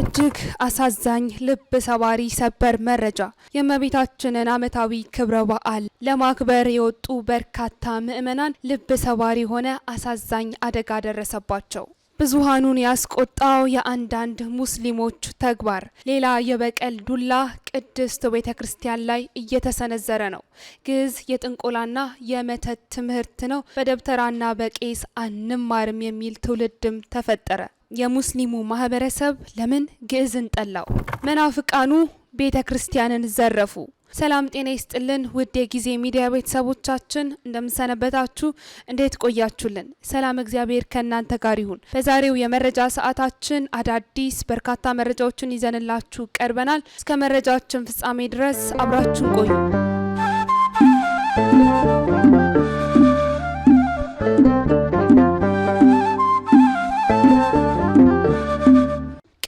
እጅግ አሳዛኝ ልብ ሰባሪ ሰበር መረጃ የእመቤታችንን ዓመታዊ ክብረ በዓል ለማክበር የወጡ በርካታ ምዕመናን ልብ ሰባሪ የሆነ አሳዛኝ አደጋ ደረሰባቸው። ብዙሃኑን ያስቆጣው የአንዳንድ ሙስሊሞች ተግባር ሌላ የበቀል ዱላ ቅድስት ቤተ ክርስቲያን ላይ እየተሰነዘረ ነው። ግዕዝ የጥንቆላና የመተት ትምህርት ነው፣ በደብተራና በቄስ አንማርም የሚል ትውልድም ተፈጠረ። የሙስሊሙ ማህበረሰብ ለምን ግዕዝን ጠላው? መናፍቃኑ ቤተ ክርስቲያንን ዘረፉ። ሰላም ጤና ይስጥልን ውድ የጊዜ ሚዲያ ቤተሰቦቻችን እንደምንሰነበታችሁ፣ እንዴት ቆያችሁልን? ሰላም እግዚአብሔር ከእናንተ ጋር ይሁን። በዛሬው የመረጃ ሰዓታችን አዳዲስ በርካታ መረጃዎችን ይዘንላችሁ ቀርበናል። እስከ መረጃችን ፍጻሜ ድረስ አብራችሁን ቆዩ።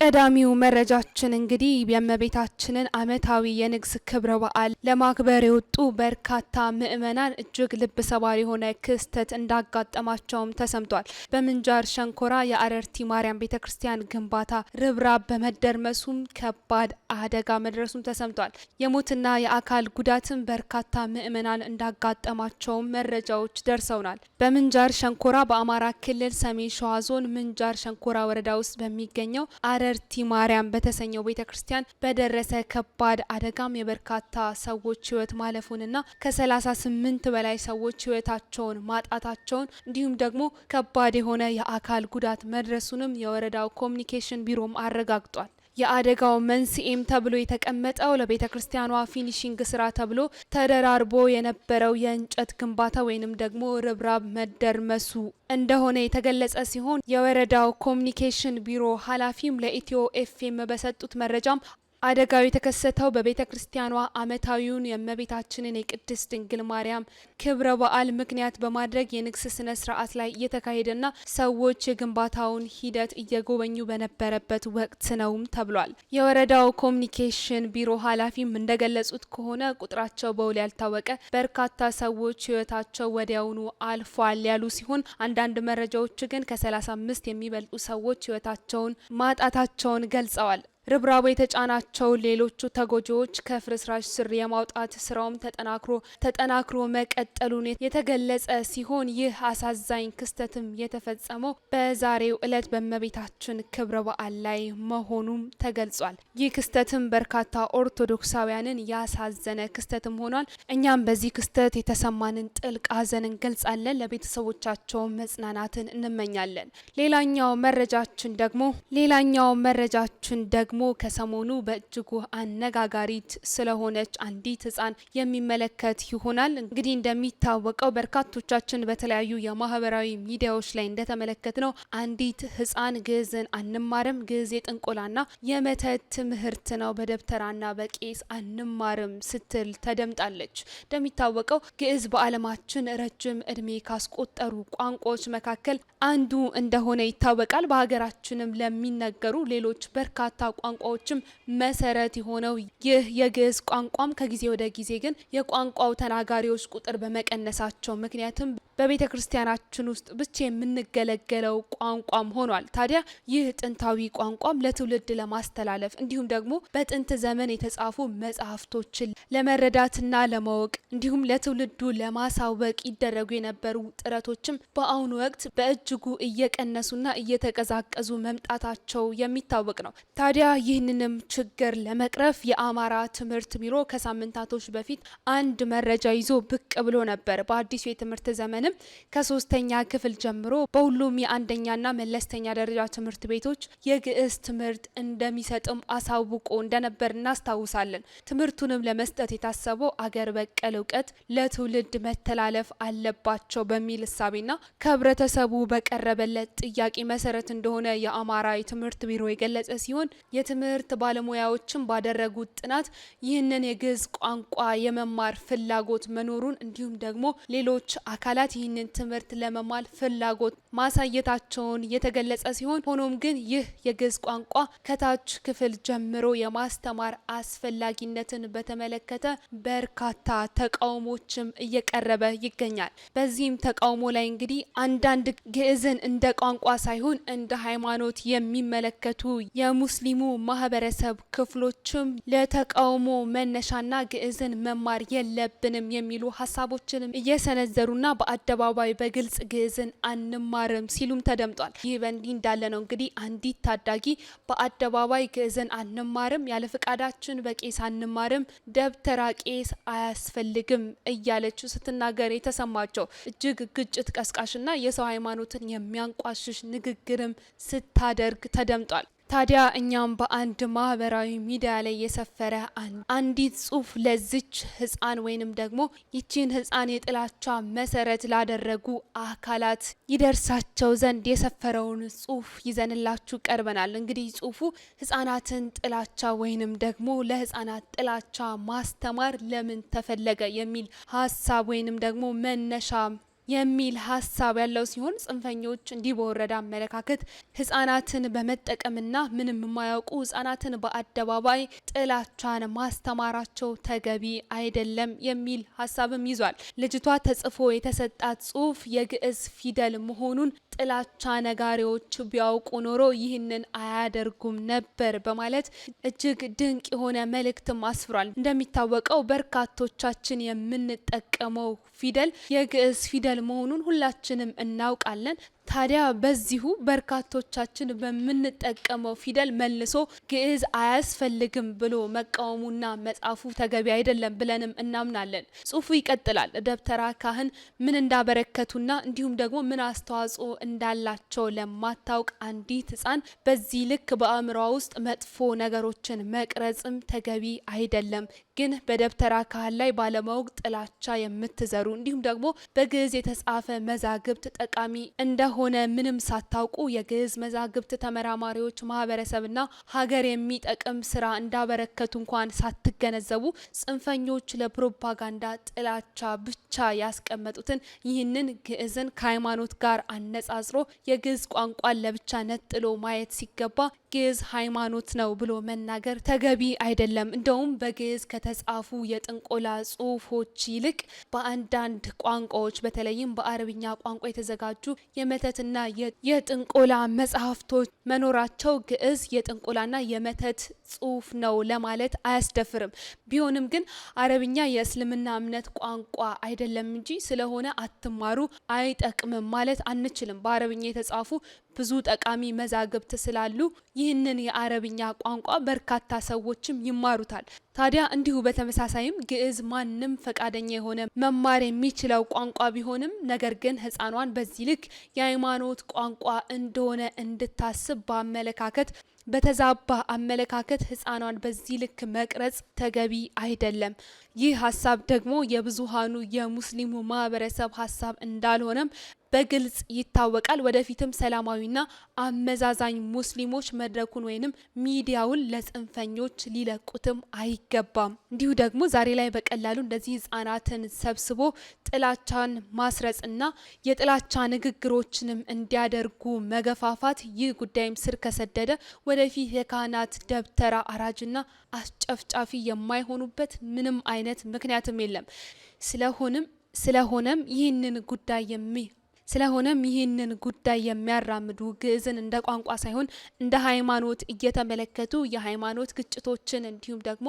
ቀዳሚው መረጃችን እንግዲህ የእመቤታችንን ዓመታዊ የንግስ ክብረ በዓል ለማክበር የወጡ በርካታ ምዕመናን እጅግ ልብ ሰባሪ የሆነ ክስተት እንዳጋጠማቸውም ተሰምቷል። በምንጃር ሸንኮራ የአረርቲ ማርያም ቤተ ክርስቲያን ግንባታ ርብራብ በመደርመሱም ከባድ አደጋ መድረሱም ተሰምቷል። የሞትና የአካል ጉዳትም በርካታ ምዕመናን እንዳጋጠማቸውም መረጃዎች ደርሰውናል። በምንጃር ሸንኮራ በአማራ ክልል ሰሜን ሸዋ ዞን ምንጃር ሸንኮራ ወረዳ ውስጥ በሚገኘው አረር ቸርቲ ማርያም በተሰኘው ቤተ ክርስቲያን በደረሰ ከባድ አደጋም የበርካታ ሰዎች ማለፉን ማለፉንና ከ ስምንት በላይ ሰዎች ህይወታቸውን ማጣታቸውን እንዲሁም ደግሞ ከባድ የሆነ የአካል ጉዳት መድረሱንም የወረዳው ኮሚኒኬሽን ቢሮም አረጋግጧል። የአደጋው መንስኤም ተብሎ የተቀመጠው ለቤተ ክርስቲያኗ ፊኒሽንግ ስራ ተብሎ ተደራርቦ የነበረው የእንጨት ግንባታ ወይንም ደግሞ ርብራብ መደርመሱ እንደሆነ የተገለጸ ሲሆን የወረዳው ኮሚኒኬሽን ቢሮ ኃላፊም ለኢትዮ ኤፍኤም በሰጡት መረጃም አደጋው የተከሰተው በቤተ ክርስቲያኗ ዓመታዊውን የእመቤታችንን የቅድስት ድንግል ማርያም ክብረ በዓል ምክንያት በማድረግ የንግስ ስነ ስርዓት ላይ እየተካሄደና ሰዎች የግንባታውን ሂደት እየጎበኙ በነበረበት ወቅት ነውም ተብሏል። የወረዳው ኮሚኒኬሽን ቢሮ ኃላፊም እንደገለጹት ከሆነ ቁጥራቸው በውል ያልታወቀ በርካታ ሰዎች ህይወታቸው ወዲያውኑ አልፏል ያሉ ሲሆን አንዳንድ መረጃዎች ግን ከ35 የሚበልጡ ሰዎች ህይወታቸውን ማጣታቸውን ገልጸዋል። ርብራቡ የተጫናቸው ሌሎቹ ተጎጂዎች ከፍርስራሽ ስር የማውጣት ስራውም ተጠናክሮ ተጠናክሮ መቀጠሉን የተገለጸ ሲሆን ይህ አሳዛኝ ክስተትም የተፈጸመው በዛሬው ዕለት በእመቤታችን ክብረ በዓል ላይ መሆኑም ተገልጿል። ይህ ክስተትም በርካታ ኦርቶዶክሳውያንን ያሳዘነ ክስተትም ሆኗል። እኛም በዚህ ክስተት የተሰማንን ጥልቅ ሐዘን እንገልጻለን። ለቤተሰቦቻቸው መጽናናትን እንመኛለን። ሌላኛው መረጃችን ደግሞ ሌላኛው መረጃችን ደግሞ ደግሞ ከሰሞኑ በእጅጉ አነጋጋሪት ስለሆነች አንዲት ህጻን የሚመለከት ይሆናል። እንግዲህ እንደሚታወቀው በርካቶቻችን በተለያዩ የማህበራዊ ሚዲያዎች ላይ እንደተመለከት ነው አንዲት ህጻን ግዕዝን አንማርም፣ ግዕዝ የጥንቆላና የመተት ትምህርት ነው፣ በደብተራና በቄስ አንማርም ስትል ተደምጣለች። እንደሚታወቀው ግዕዝ በዓለማችን ረጅም እድሜ ካስቆጠሩ ቋንቋዎች መካከል አንዱ እንደሆነ ይታወቃል። በሀገራችንም ለሚነገሩ ሌሎች በርካታ ቋንቋዎችም መሰረት የሆነው ይህ የግዕዝ ቋንቋም ከጊዜ ወደ ጊዜ ግን የቋንቋው ተናጋሪዎች ቁጥር በመቀነሳቸው ምክንያትም በቤተ ክርስቲያናችን ውስጥ ብቻ የምንገለገለው ቋንቋም ሆኗል። ታዲያ ይህ ጥንታዊ ቋንቋም ለትውልድ ለማስተላለፍ እንዲሁም ደግሞ በጥንት ዘመን የተጻፉ መጽሐፍቶችን ለመረዳትና ለማወቅ እንዲሁም ለትውልዱ ለማሳወቅ ይደረጉ የነበሩ ጥረቶችም በአሁኑ ወቅት በእጅጉ እየቀነሱና እየተቀዛቀዙ መምጣታቸው የሚታወቅ ነው። ታዲያ ይህንንም ችግር ለመቅረፍ የአማራ ትምህርት ቢሮ ከሳምንታቶች በፊት አንድ መረጃ ይዞ ብቅ ብሎ ነበር። በአዲሱ የትምህርት ዘመንም ከሶስተኛ ክፍል ጀምሮ በሁሉም የአንደኛና መለስተኛ ደረጃ ትምህርት ቤቶች የግዕዝ ትምህርት እንደሚሰጥም አሳውቆ እንደነበር እናስታውሳለን። ትምህርቱንም ለመስጠት የታሰበው አገር በቀል እውቀት ለትውልድ መተላለፍ አለባቸው በሚል እሳቤና ከህብረተሰቡ በቀረበለት ጥያቄ መሰረት እንደሆነ የአማራ የትምህርት ቢሮ የገለጸ ሲሆን የትምህርት ባለሙያዎችን ባደረጉት ጥናት ይህንን የግዕዝ ቋንቋ የመማር ፍላጎት መኖሩን እንዲሁም ደግሞ ሌሎች አካላት ይህንን ትምህርት ለመማር ፍላጎት ማሳየታቸውን የተገለጸ ሲሆን ሆኖም ግን ይህ የግዕዝ ቋንቋ ከታች ክፍል ጀምሮ የማስተማር አስፈላጊነትን በተመለከተ በርካታ ተቃውሞችም እየቀረበ ይገኛል። በዚህም ተቃውሞ ላይ እንግዲህ አንዳንድ ግዕዝን እንደ ቋንቋ ሳይሆን እንደ ሃይማኖት የሚመለከቱ የሙስሊሙ ማህበረሰብ ክፍሎችም ለተቃውሞ መነሻና ግዕዝን መማር የለብንም የሚሉ ሀሳቦችንም እየሰነዘሩና በአደባባይ በግልጽ ግዕዝን አንማርም ሲሉም ተደምጧል። ይህ በእንዲህ እንዳለ ነው እንግዲህ አንዲት ታዳጊ በአደባባይ ግዕዝን አንማርም፣ ያለ ፍቃዳችን በቄስ አንማርም፣ ደብተራ ቄስ አያስፈልግም እያለችው ስትናገር የተሰማቸው እጅግ ግጭት ቀስቃሽና የሰው ሃይማኖትን የሚያንቋሽሽ ንግግርም ስታደርግ ተደምጧል። ታዲያ እኛም በአንድ ማህበራዊ ሚዲያ ላይ የሰፈረ አንዲት ጽሁፍ ለዚች ህፃን ወይንም ደግሞ ይቺን ህፃን የጥላቻ መሰረት ላደረጉ አካላት ይደርሳቸው ዘንድ የሰፈረውን ጽሁፍ ይዘንላችሁ ቀርበናል። እንግዲህ ጽሁፉ ህፃናትን ጥላቻ ወይንም ደግሞ ለህፃናት ጥላቻ ማስተማር ለምን ተፈለገ የሚል ሀሳብ ወይንም ደግሞ መነሻ የሚል ሀሳብ ያለው ሲሆን ጽንፈኞች እንዲህ በወረደ አመለካከት ህጻናትን በመጠቀምና ምንም የማያውቁ ህጻናትን በአደባባይ ጥላቻን ማስተማራቸው ተገቢ አይደለም የሚል ሀሳብም ይዟል። ልጅቷ ተጽፎ የተሰጣት ጽሁፍ የግዕዝ ፊደል መሆኑን ጥላቻ ነጋሪዎች ቢያውቁ ኖሮ ይህንን አያደርጉም ነበር በማለት እጅግ ድንቅ የሆነ መልእክትም አስፍሯል። እንደሚታወቀው በርካቶቻችን የምንጠቀመው ፊደል የግዕዝ ፊደል መሆኑን ሁላችንም እናውቃለን። ታዲያ በዚሁ በርካቶቻችን በምንጠቀመው ፊደል መልሶ ግዕዝ አያስፈልግም ብሎ መቃወሙና መጻፉ ተገቢ አይደለም ብለንም እናምናለን። ጽሁፉ ይቀጥላል። ደብተራ ካህን ምን እንዳበረከቱና እንዲሁም ደግሞ ምን አስተዋጽኦ እንዳላቸው ለማታውቅ አንዲት ሕፃን በዚህ ልክ በአእምሯ ውስጥ መጥፎ ነገሮችን መቅረጽም ተገቢ አይደለም። ግን በደብተራ ካህን ላይ ባለማወቅ ጥላቻ የምትዘሩ እንዲሁም ደግሞ በግዕዝ የተጻፈ መዛግብት ጠቃሚ እንደሆነ ምንም ሳታውቁ የግዕዝ መዛግብት ተመራማሪዎች ማህበረሰብና ሀገር የሚጠቅም ስራ እንዳበረከቱ እንኳን ሳትገነዘቡ ጽንፈኞች ለፕሮፓጋንዳ ጥላቻ ብቻ ያስቀመጡትን ይህንን ግዕዝን ከሃይማኖት ጋር አነጻጽሮ የግዕዝ ቋንቋን ለብቻ ነጥሎ ማየት ሲገባ ግዕዝ ሃይማኖት ነው ብሎ መናገር ተገቢ አይደለም። እንደውም በግዕዝ ከተጻፉ የጥንቆላ ጽሁፎች ይልቅ በአንዳንድ ቋንቋዎች በተለይም በአረብኛ ቋንቋ የተዘጋጁ የመተትና የጥንቆላ መጽሐፍቶች መኖራቸው ግዕዝ የጥንቆላና የመተት ጽሁፍ ነው ለማለት አያስደፍርም። ቢሆንም ግን አረብኛ የእስልምና እምነት ቋንቋ አይደለም እንጂ ስለሆነ አትማሩ አይጠቅምም ማለት አንችልም። በአረብኛ የተጻፉ ብዙ ጠቃሚ መዛግብት ስላሉ ይህንን የአረብኛ ቋንቋ በርካታ ሰዎችም ይማሩታል። ታዲያ እንዲሁ በተመሳሳይም ግዕዝ ማንም ፈቃደኛ የሆነ መማር የሚችለው ቋንቋ ቢሆንም ነገር ግን ህፃኗን በዚህ ልክ የሃይማኖት ቋንቋ እንደሆነ እንድታስብ በአመለካከት በተዛባ አመለካከት ህፃኗን በዚህ ልክ መቅረጽ ተገቢ አይደለም። ይህ ሀሳብ ደግሞ የብዙሃኑ የሙስሊሙ ማህበረሰብ ሀሳብ እንዳልሆነም በግልጽ ይታወቃል። ወደፊትም ሰላማዊና አመዛዛኝ ሙስሊሞች መድረኩን ወይንም ሚዲያውን ለጽንፈኞች ሊለቁትም አይገባም። እንዲሁ ደግሞ ዛሬ ላይ በቀላሉ እንደዚህ ህጻናትን ሰብስቦ ጥላቻን ማስረጽና የጥላቻ ንግግሮችንም እንዲያደርጉ መገፋፋት ይህ ጉዳይም ስር ከሰደደ ወደፊት የካህናት ደብተራ አራጅና አስጨፍጫፊ የማይሆኑበት ምንም አይነት ምክንያትም የለም። ስለሆንም ስለሆነም ይህንን ጉዳይ የሚ ስለሆነም ይህንን ጉዳይ የሚያራምዱ ግዕዝን እንደ ቋንቋ ሳይሆን እንደ ሃይማኖት እየተመለከቱ የሃይማኖት ግጭቶችን እንዲሁም ደግሞ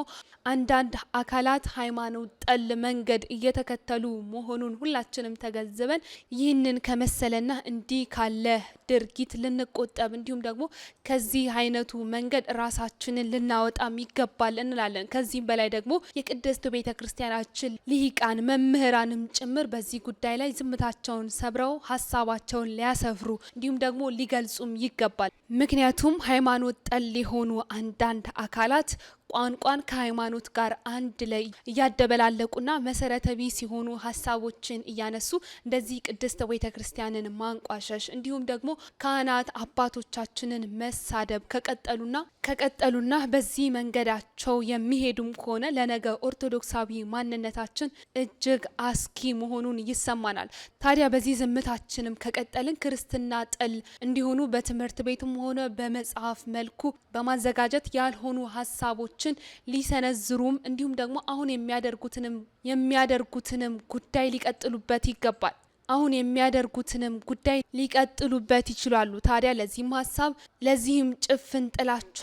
አንዳንድ አካላት ሃይማኖት ጠል መንገድ እየተከተሉ መሆኑን ሁላችንም ተገንዝበን ይህንን ከመሰለና እንዲህ ካለ ድርጊት ልንቆጠብ እንዲሁም ደግሞ ከዚህ አይነቱ መንገድ ራሳችንን ልናወጣም ይገባል እንላለን። ከዚህም በላይ ደግሞ የቅድስት ቤተ ክርስቲያናችን ልሂቃን መምህራንም ጭምር በዚህ ጉዳይ ላይ ዝምታቸውን ሰብረው ሀሳባቸውን ሊያሰፍሩ እንዲሁም ደግሞ ሊገልጹም ይገባል። ምክንያቱም ሃይማኖት ጠል የሆኑ አንዳንድ አካላት ቋንቋን ከሃይማኖት ጋር አንድ ላይ እያደበላለቁና መሰረተ ቢስ የሆኑ ሀሳቦችን እያነሱ እንደዚህ ቅድስት ቤተ ክርስቲያንን ማንቋሸሽ እንዲሁም ደግሞ ካህናት አባቶቻችንን መሳደብ ከቀጠሉና ከቀጠሉና በዚህ መንገዳቸው የሚሄዱም ከሆነ ለነገ ኦርቶዶክሳዊ ማንነታችን እጅግ አስኪ መሆኑን ይሰማናል። ታዲያ በዚህ ዝምታችንም ከቀጠልን ክርስትና ጠል እንዲሆኑ በትምህርት ቤትም ሆነ በመጽሐፍ መልኩ በማዘጋጀት ያልሆኑ ሀሳቦች ሀሳቦችን ሊሰነዝሩም እንዲሁም ደግሞ አሁን የሚያደርጉትንም የሚያደርጉትንም ጉዳይ ሊቀጥሉበት ይገባል። አሁን የሚያደርጉትንም ጉዳይ ሊቀጥሉበት ይችላሉ። ታዲያ ለዚህም ሀሳብ ለዚህም ጭፍን ጥላቻ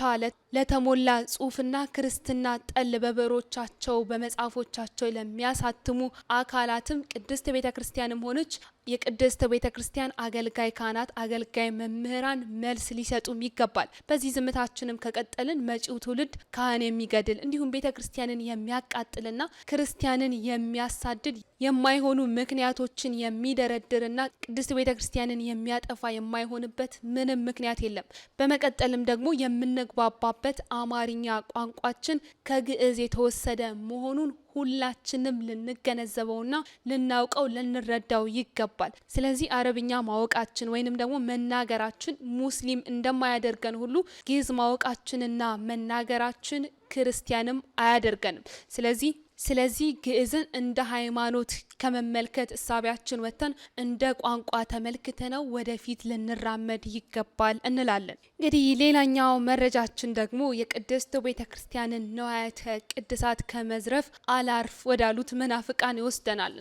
ለተሞላ ጽሁፍና ክርስትና ጠል በበሮቻቸው በመጽሐፎቻቸው ለሚያሳትሙ አካላትም ቅድስት ቤተ ክርስቲያንም ሆነች የቅድስት ቤተ ክርስቲያን አገልጋይ ካህናት፣ አገልጋይ መምህራን መልስ ሊሰጡም ይገባል። በዚህ ዝምታችንም ከቀጠልን መጪው ትውልድ ካህን የሚገድል እንዲሁም ቤተ ክርስቲያንን የሚያቃጥልና ክርስቲያንን የሚያሳድድ የማይሆኑ ምክንያቶችን የሚደረድርና ቅድስት ቤተ ክርስቲያንን የሚያጠፋ የማይሆንበት ምንም ምክንያት የለም። በመቀጠልም ደግሞ የምንግባባ የተሰራበት አማርኛ ቋንቋችን ከግዕዝ የተወሰደ መሆኑን ሁላችንም ልንገነዘበውና ልናውቀው ልንረዳው ይገባል። ስለዚህ አረብኛ ማወቃችን ወይንም ደግሞ መናገራችን ሙስሊም እንደማያደርገን ሁሉ ግዕዝ ማወቃችንና መናገራችን ክርስቲያንም አያደርገንም። ስለዚህ ስለዚህ ግዕዝን እንደ ሃይማኖት ከመመልከት እሳቢያችን ወጥተን እንደ ቋንቋ ተመልክተ ነው ወደፊት ልንራመድ ይገባል እንላለን። እንግዲህ ሌላኛው መረጃችን ደግሞ የቅድስት ቤተ ክርስቲያንን ንዋያተ ቅድሳት ከመዝረፍ አላርፍ ወዳሉት መናፍቃን ይወስደናል።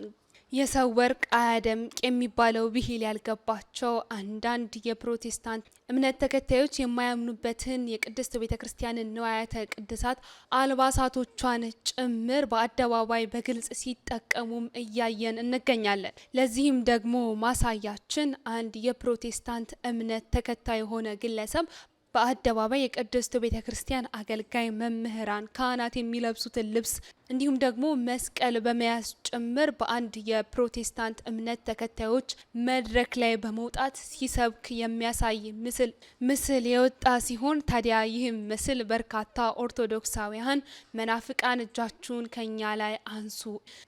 የሰው ወርቅ አያደምቅ የሚባለው ብሂል ያልገባቸው አንዳንድ የፕሮቴስታንት እምነት ተከታዮች የማያምኑበትን የቅድስት ቤተ ክርስቲያንን ንዋያተ ቅድሳት አልባሳቶቿን ጭምር በአደባባይ በግልጽ ሲጠቀሙም እያየን እንገኛለን። ለዚህም ደግሞ ማሳያችን አንድ የፕሮቴስታንት እምነት ተከታይ የሆነ ግለሰብ በአደባባይ የቅድስት ቤተ ክርስቲያን አገልጋይ መምህራን ካህናት የሚለብሱትን ልብስ እንዲሁም ደግሞ መስቀል በመያዝ ጭምር በአንድ የፕሮቴስታንት እምነት ተከታዮች መድረክ ላይ በመውጣት ሲሰብክ የሚያሳይ ምስል ምስል የወጣ ሲሆን ታዲያ ይህም ምስል በርካታ ኦርቶዶክሳውያን መናፍቃን እጃችሁን ከኛ ላይ አንሱ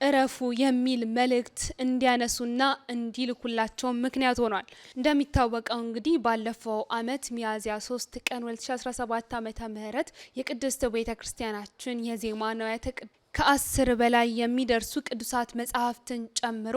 እረፉ የሚል መልእክት እንዲያነሱና እንዲልኩላቸው ምክንያት ሆኗል። እንደሚታወቀው እንግዲህ ባለፈው አመት ሚያዝያ 3 ቀን 2017 ዓ ም የቅድስት ቤተ ክርስቲያናችን የዜማ ነዋያተ ከአስር በላይ የሚደርሱ ቅዱሳት መጽሐፍትን ጨምሮ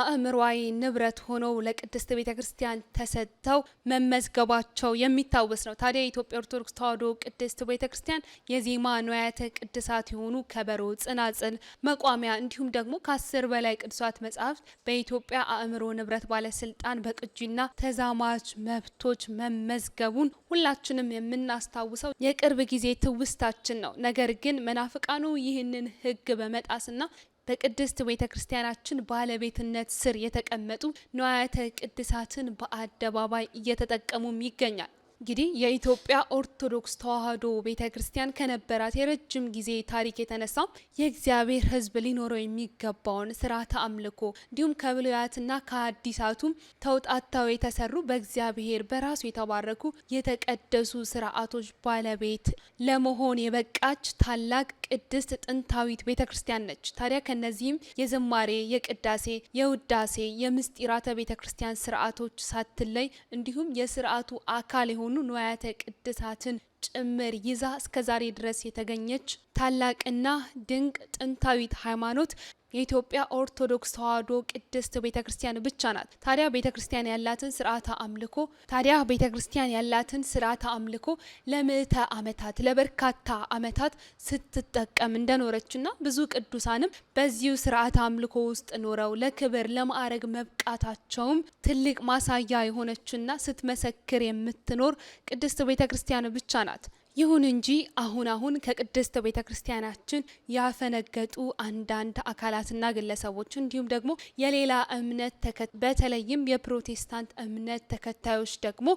አእምሯዊ ንብረት ሆነው ለቅድስት ቤተ ክርስቲያን ተሰጥተው መመዝገባቸው የሚታወስ ነው። ታዲያ የኢትዮጵያ ኦርቶዶክስ ተዋሕዶ ቅድስት ቤተ ክርስቲያን የዜማ ንዋያተ ቅድሳት የሆኑ ከበሮ፣ ጽናጽል፣ መቋሚያ እንዲሁም ደግሞ ከአስር በላይ ቅዱሳት መጽሐፍት በኢትዮጵያ አእምሮ ንብረት ባለስልጣን በቅጂና ተዛማች መብቶች መመዝገቡን ሁላችንም የምናስታውሰው የቅርብ ጊዜ ትውስታችን ነው። ነገር ግን መናፍቃኑ ይህንን ህግ በመጣስና በቅድስት ቤተ ክርስቲያናችን ባለቤትነት ስር የተቀመጡ ንዋያተ ቅድሳትን በአደባባይ እየተጠቀሙም ይገኛል። እንግዲህ የኢትዮጵያ ኦርቶዶክስ ተዋህዶ ቤተ ክርስቲያን ከነበራት የረጅም ጊዜ ታሪክ የተነሳ የእግዚአብሔር ሕዝብ ሊኖረው የሚገባውን ስርዓተ አምልኮ እንዲሁም ከብሉያትና ከአዲሳቱ ተውጣታው የተሰሩ በእግዚአብሔር በራሱ የተባረኩ የተቀደሱ ስርዓቶች ባለቤት ለመሆን የበቃች ታላቅ ቅድስት ጥንታዊት ቤተ ክርስቲያን ነች። ታዲያ ከነዚህም የዝማሬ፣ የቅዳሴ፣ የውዳሴ፣ የምስጢራተ ቤተ ክርስቲያን ስርዓቶች ሳትለይ እንዲሁም የስርዓቱ አካል የሆኑ የሆኑ ንዋያተ ቅድሳትን ጭምር ይዛ እስከ ዛሬ ድረስ የተገኘች ታላቅና ድንቅ ጥንታዊት ሃይማኖት የኢትዮጵያ ኦርቶዶክስ ተዋሕዶ ቅድስት ቤተ ክርስቲያን ብቻ ናት። ታዲያ ቤተ ክርስቲያን ያላትን ስርዓተ አምልኮ ታዲያ ቤተ ክርስቲያን ያላትን ስርዓተ አምልኮ ለምዕተ ዓመታት ለበርካታ ዓመታት ስትጠቀም እንደኖረችና ብዙ ቅዱሳንም በዚሁ ስርዓተ አምልኮ ውስጥ ኖረው ለክብር ለማዕረግ መብቃታቸውም ትልቅ ማሳያ የሆነችና ስትመሰክር የምትኖር ቅድስት ቤተ ክርስቲያን ብቻ ናት። ይሁን እንጂ አሁን አሁን ከቅድስት ቤተ ክርስቲያናችን ያፈነገጡ አንዳንድ አካላትና ግለሰቦች እንዲሁም ደግሞ የሌላ እምነት በተለይም የፕሮቴስታንት እምነት ተከታዮች ደግሞ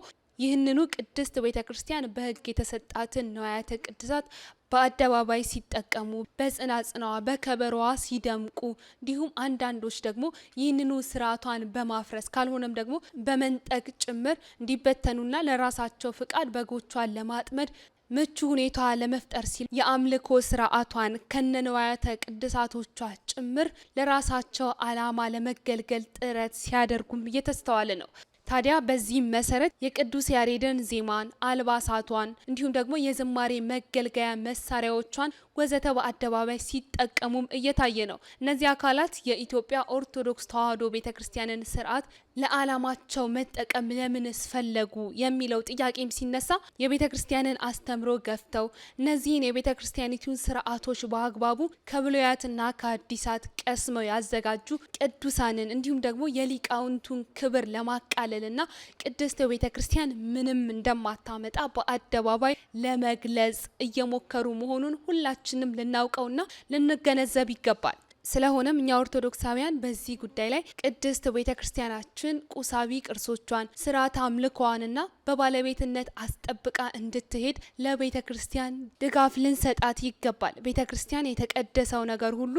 ይህንኑ ቅድስት ቤተ ክርስቲያን በሕግ የተሰጣትን ንዋያተ ቅድሳት በአደባባይ ሲጠቀሙ በጽናጽናዋ በከበሮዋ ሲደምቁ እንዲሁም አንዳንዶች ደግሞ ይህንኑ ስርዓቷን በማፍረስ ካልሆነም ደግሞ በመንጠቅ ጭምር እንዲበተኑና ለራሳቸው ፍቃድ በጎቿን ለማጥመድ ምቹ ሁኔታ ለመፍጠር ሲል የአምልኮ ስርዓቷን ከነንዋያተ ቅድሳቶቿ ጭምር ለራሳቸው ዓላማ ለመገልገል ጥረት ሲያደርጉም እየተስተዋለ ነው። ታዲያ በዚህም መሰረት የቅዱስ ያሬድን ዜማን፣ አልባሳቷን እንዲሁም ደግሞ የዝማሬ መገልገያ መሳሪያዎቿን ወዘተ በአደባባይ ሲጠቀሙም እየታየ ነው። እነዚህ አካላት የኢትዮጵያ ኦርቶዶክስ ተዋሕዶ ቤተ ክርስቲያንን ስርዓት ለዓላማቸው መጠቀም ለምንስ ፈለጉ የሚለው ጥያቄም ሲነሳ የቤተ ክርስቲያንን አስተምሮ ገፍተው እነዚህን የቤተ ክርስቲያኒቱን ስርዓቶች በአግባቡ ከብሉያትና ከአዲሳት ቀስመው ያዘጋጁ ቅዱሳንን እንዲሁም ደግሞ የሊቃውንቱን ክብር ለማቃለል ክልልና ቅድስት ቤተ ክርስቲያን ምንም እንደማታመጣ በአደባባይ ለመግለጽ እየሞከሩ መሆኑን ሁላችንም ልናውቀውና ልንገነዘብ ይገባል። ስለሆነም እኛ ኦርቶዶክሳውያን በዚህ ጉዳይ ላይ ቅድስት ቤተ ክርስቲያናችን ቁሳዊ ቅርሶቿን ስርዓት አምልኮዋንና በባለቤትነት አስጠብቃ እንድትሄድ ለቤተ ክርስቲያን ድጋፍ ልንሰጣት ይገባል። ቤተ ክርስቲያን የተቀደሰው ነገር ሁሉ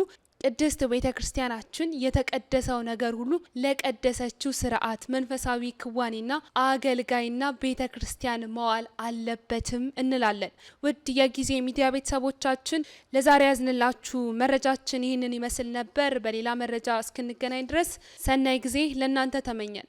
ቅድስት ቤተ ክርስቲያናችን የተቀደሰው ነገር ሁሉ ለቀደሰችው ስርዓት መንፈሳዊ ክዋኔና አገልጋይና ቤተ ክርስቲያን መዋል አለበትም እንላለን። ውድ የጊዜ ሚዲያ ቤተሰቦቻችን ለዛሬ ያዝንላችሁ መረጃችን ይህንን ይመስል ነበር። በሌላ መረጃ እስክንገናኝ ድረስ ሰናይ ጊዜ ለእናንተ ተመኘን።